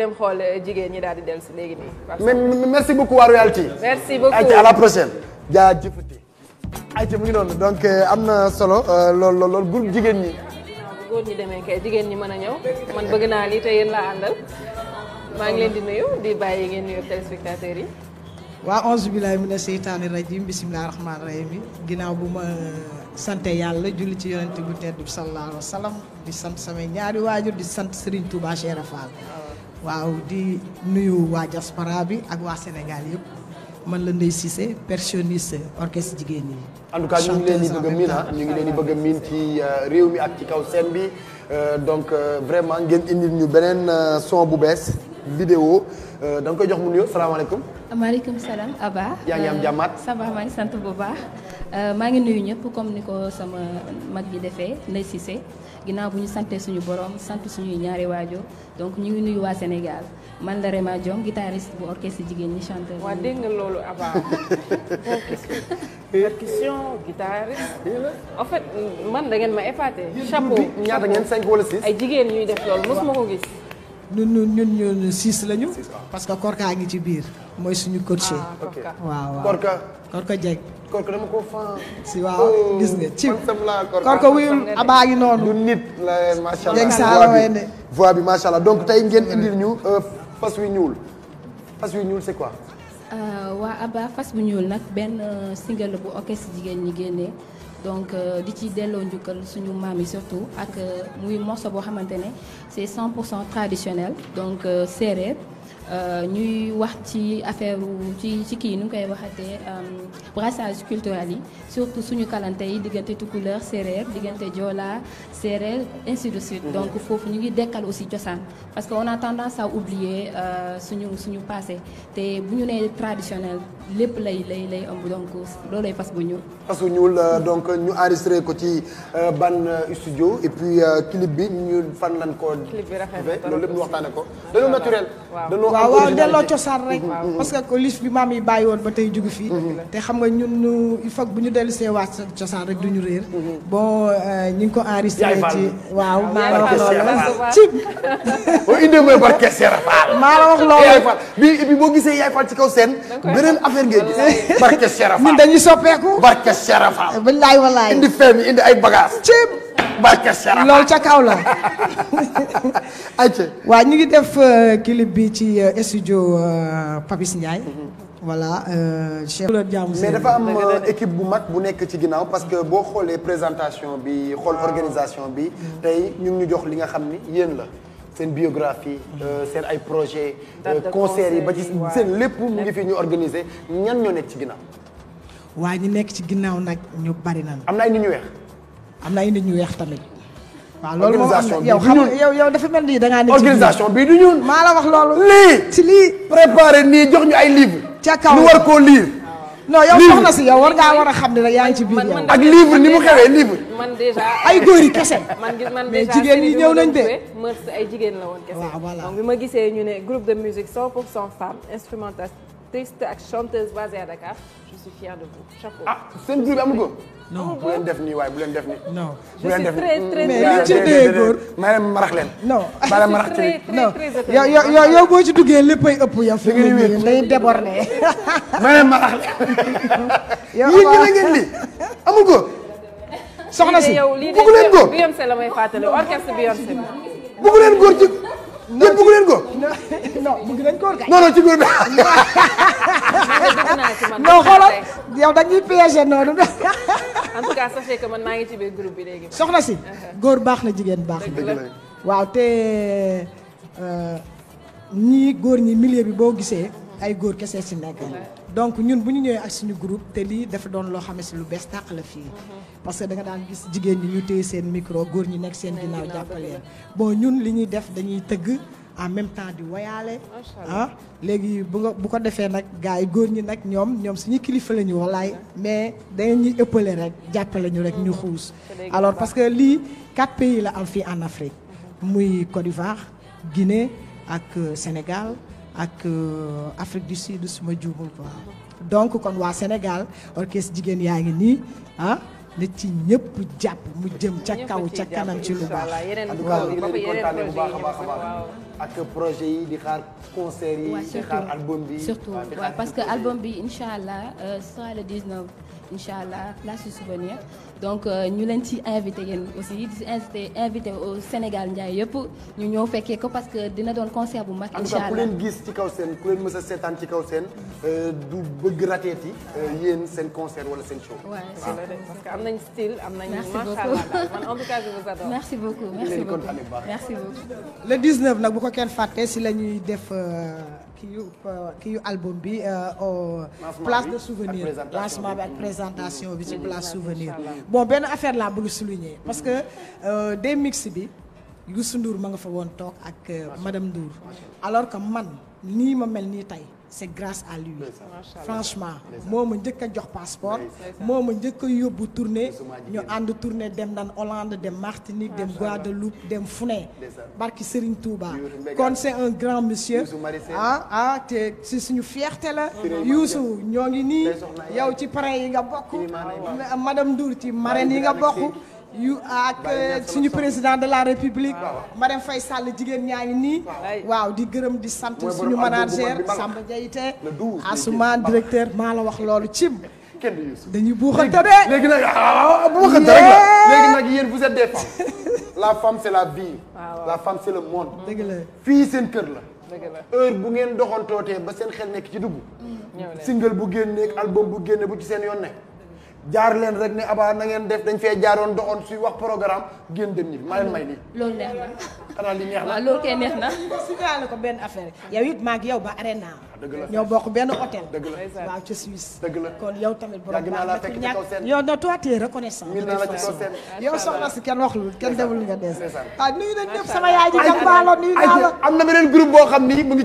dem xool eh, jigéen ñi daal di dellu si léegi nii. merci beaucoup waa royalty. merci beaucoup ayca à la prochaine. jaajëfati ayca mu ngi noonu donc eh, am na solo euh, lool lool lool groupe jigéen ñi. góor ñi demee kay jigéen ñi mën a ñëw man bëgg naa lii te yéen laa àndal maa ngi leen di nuyu di bàyyi ngeen nuyu téléspectateurs yi. waaw onze bilaay mu ne seytaani rajim bisimilah rahmaani rahim yi ginnaaw bu ma euh, sante yàlla julli ci yonente bu tedd bi sallallahu alayhi wa di sant samay ñaari waajur di sant Serigne Touba Cheikh waaw di nuyu waa diaspora bi ak waa Sénégal yëpp man la Ndeye Cissé percussionniste orchestre jigéen ñi. en tout ñu ngi leen di bëgg a miin ñu ngi leen di bëgg a miin ci euh, réew mi ak ci kaw scène bi euh, donc euh, vraiment ngeen indil ñu beneen son bu bees. vidéo da nga koy jox mu nuyoo salaamaaleykum. maaleykum salaam Aba. yaa ngi am jàmmaat. ça va maa ngi sant bu baax. Euh, maa ngi nuyu ñëpp comme ni ko sama mag yi defee Ndeye Cissé ginnaaw bu ñu santee suñu borom sant suñuy ñaari waajur donc ñu ngi nuyu waa Sénégal man la Réma Diom guitariste bu orchestre jigéen ñi chanteur. waaw dégg nga loolu Aba percussion guitare. en man da ngeen ma épaté. chapeau ñaata ngeen cinq wala six. ay jigéen ñuy def loolu mosuma ko gis. ñun ñun ñun ñun six lañu. parce que Korka ngi ci biir. mooy suñu coaché. waaw waaw Korka. Korka Dieng. Korka dama ko fan. si waaw oh, gis nga ci. Korka wuyul abaa ngi noonu. du nit la macha allah. voix bi bi macha allah donc tey ngeen mm-hmm. indil ñu. Euh, fas wi ñuul fas wi ñuul c'est quoi. Euh, waa Abba fas bu ñuul nag benn euh, single bu orchestre jigéen ñi génnee. donc euh, di ci delloo njukkal suñu maam yi surtout ak euh, muy morceau boo xamante ne c'est 100 pour cent traditionnel donc euh, séeréer Euh, ñuy wax ci affaire ci ci kii nu koy waxatee euh, brassage culturel yi surtout suñu kalante yi diggante Tukulóor séeréer diggante Joola séeréer ainsi de suite. Mm-hmm. donc foofu ñu ngi dekkal aussi cosaan parce que on a tendance à oublier euh, suñu suñu passé te bu ñu nee traditionnel lépp lay lay lay ëmb donc loolay fas bu ñuul. fas bu ñuul donc ñu enregistré ko ci ban studio et puis clip bi ñu fan lan ko clip bi rafet loolu lépp ñu waxtaane ko dañoo naturel. waaw waaw delloo cosaan rek parce que lif bi maam yi bàyyi woon ba tey jugu fii mhm. te xam nga ñun ñu il faut bu ñu dellu see waat cosaan rek duñu réer mhm. boo euh, ñu ngi ko enregistré ci waaw maa la wax loolu cib boo oh, indee mooy barke Serafal maa la wax loolu yaay boo gisee yaay Fall ci kaw seen beneen affaire ngay gis barke Serafal ñun dañuy soppeeku barke Serafal bañ laay walaay indi feem yi indi ay bagage cib loolu ca kaw la waa ñu ngi def euh, clip bi ci euh, studio euh, Papis Ndiaye mhm. voilà chef la jàmm mais dafa am équipe bu mag bu nekk ci ginnaaw parce que boo xoolee présentation bi xool organisation bi mhm. tey ñu ngi ñu jox li nga xam ni yéen la seen biographie mhm. seen ay projet concert yi ba ci seen lépp mu ngi fi ñu organiser ñan ñoo nekk ci ginnaaw waa ñu nekk ci ginnaaw nag ñu bari nañ am na ay ñu weex am na ay nit ñu weex tamit. waaw loolu moom am na yow xam yow yow dafa mel ni da ngaa. organisation bii du ñun. maa la wax loolu. lii ci lii. préparé nii jox ñu ay livre ca kaw ñu war koo lire. Ah. non yow soxna si yow war ngaa war a xam ne rek yaa ngi ci biir yow. ak livre ni mu xewee livre. ay góor yi kese. man gis man déjà jigéen ñi ñëw nañ de. mœurs ay jigéen la woon kese. waaw voilà donc bi ma gisee ñu ne groupe de musique 100 pour 100 femmes instrumentatrice ak chanteuse basée à Dakar je suis fière de vous chapeau. ah seen groupe non oh, bu leen def nii bu leen def nii. non bu ma leen marax leen. non ma leen ci non yow yow yow boo ci duggee léppay ëpp yow. fi ngeen wér day débordé. ma leen marax leen. yéen ñi la ngeen lii ko. soxna si bëggu leen góor Beyoncé la may fàttali orchestre Beyoncé. bëggu leen góor ci. non yéen bëggu leen góor. en tout que man maa ngi ci biir groupe bi léegi. soxna si uh-huh. góor baax na jigéen baax na. waaw te uh, ñii góor ñi millier bi boo gisee ay góor kese si nekk. Uh-huh. donc ñun bu ñu ñëwee ak suñu groupe te lii dafa doon loo xam si lu bees tàq la fii uh-huh. parce que da nga daan gis jigéen ñi ñu téye seen micro góor ñi nekk seen ginnaaw jàppaleen boo ñun li ñuy def dañuy tëgg. en même temps di woyaale ah, léegi bu nga bu ko defee nag gars yi góor ñi nag ñoom ñoom suñu kilifa la ñu walaay mais danga ñuy ëppale rek jàppale lañu rek ñu xuus alors parce que lii quatre pays la am fii en Afrique muy Côte d'Ivoire Guinée ak euh, Sénégal ak euh, Afrique du Sud suma juumul quoi donc kon waa Sénégal orchestre jigéen yaa ngi nii ah nit ci ñëpp jàpp mu jëm ca kaw ca kanam ci lu baax. ak projet yi di xaar concert yi. di xaar album bi surtout waaw parce que album bi incha allah euh, sera le 19 incha allah place du souvenir donc euh, ñu leen ci invité yéen aussi di si invité invité au Sénégal Ndiaye yëpp ñu ñëw fekkee ko parce que dina doon concert bu mag. incha allah ku leen gis ci kaw seen ku leen mës a seetaan ci kaw seen euh, du bëgg rateeti yéen seen concert wala seen show. waaw parce que am nañ style am nañ. macha allah man en tout merci beaucoup merci beaucoup ko kenn fàtte si la ñuy def euh, kii yu euh, kii yu album bi euh, au place de souvenir lancement bi ak présentation bi ci place souvenir bon benn affaire laa bëgg souligner parce que des mix bi lu Ndour ma nga fa woon toog ak euh, madame Ndour alors que man nii ma mel nii tey c'est grâce à lui franchement moo ma njëkk a jox passeport moo ma njëkk a yóbbu tournée ñu ànd tournée dem nan Hollande dem Martinique dem Guadeloupe dem Funé barki Serigne Touba kon c'est un grand monsieur ah ah te si suñu feexte la Youssou ñoo ngi nii yow ci parrain yi nga bokk madame ci marraine yi nga bokk yu ak suñu président de la république madame Faye Sall jigéen ñaa ngi nii waaw di gërëm di sant suñu manager Samba Diaité Assoumane directeur maa la wax loolu cim dañu buuxante de léegi nag a ah, ah, ah, rek la léegi yéen vous êtes la femme c'est la vie la femme c'est le monde dëgg la fii seen kër la heure bu ngeen doxantootee ba seen xel nekk ci dugg single bu génneeg album bu génne bu ci seen yoon nekk jaar leen rek ne abaa na ngeen def dañ fee jaaroon doxoon suy wax programme ngeen dem ñi may loolu neex na xanaa li na waaw loolu kay neex na. su ñu ko benn affaire yow it maag yow ba arena. Ah, dëgg la ñoo bokk benn hôtel. dëgg la waaw ci Suisse. dëgg la kon yow tamit borom baax na ku yow na toi t'es reconnaissant. yow soxna si kenn waxul kenn demul nga des. ah nuyu nañu ñëpp sama yaay ji jàmbaaloon nuyu naa am na beneen groupe boo xam ni mu ngi.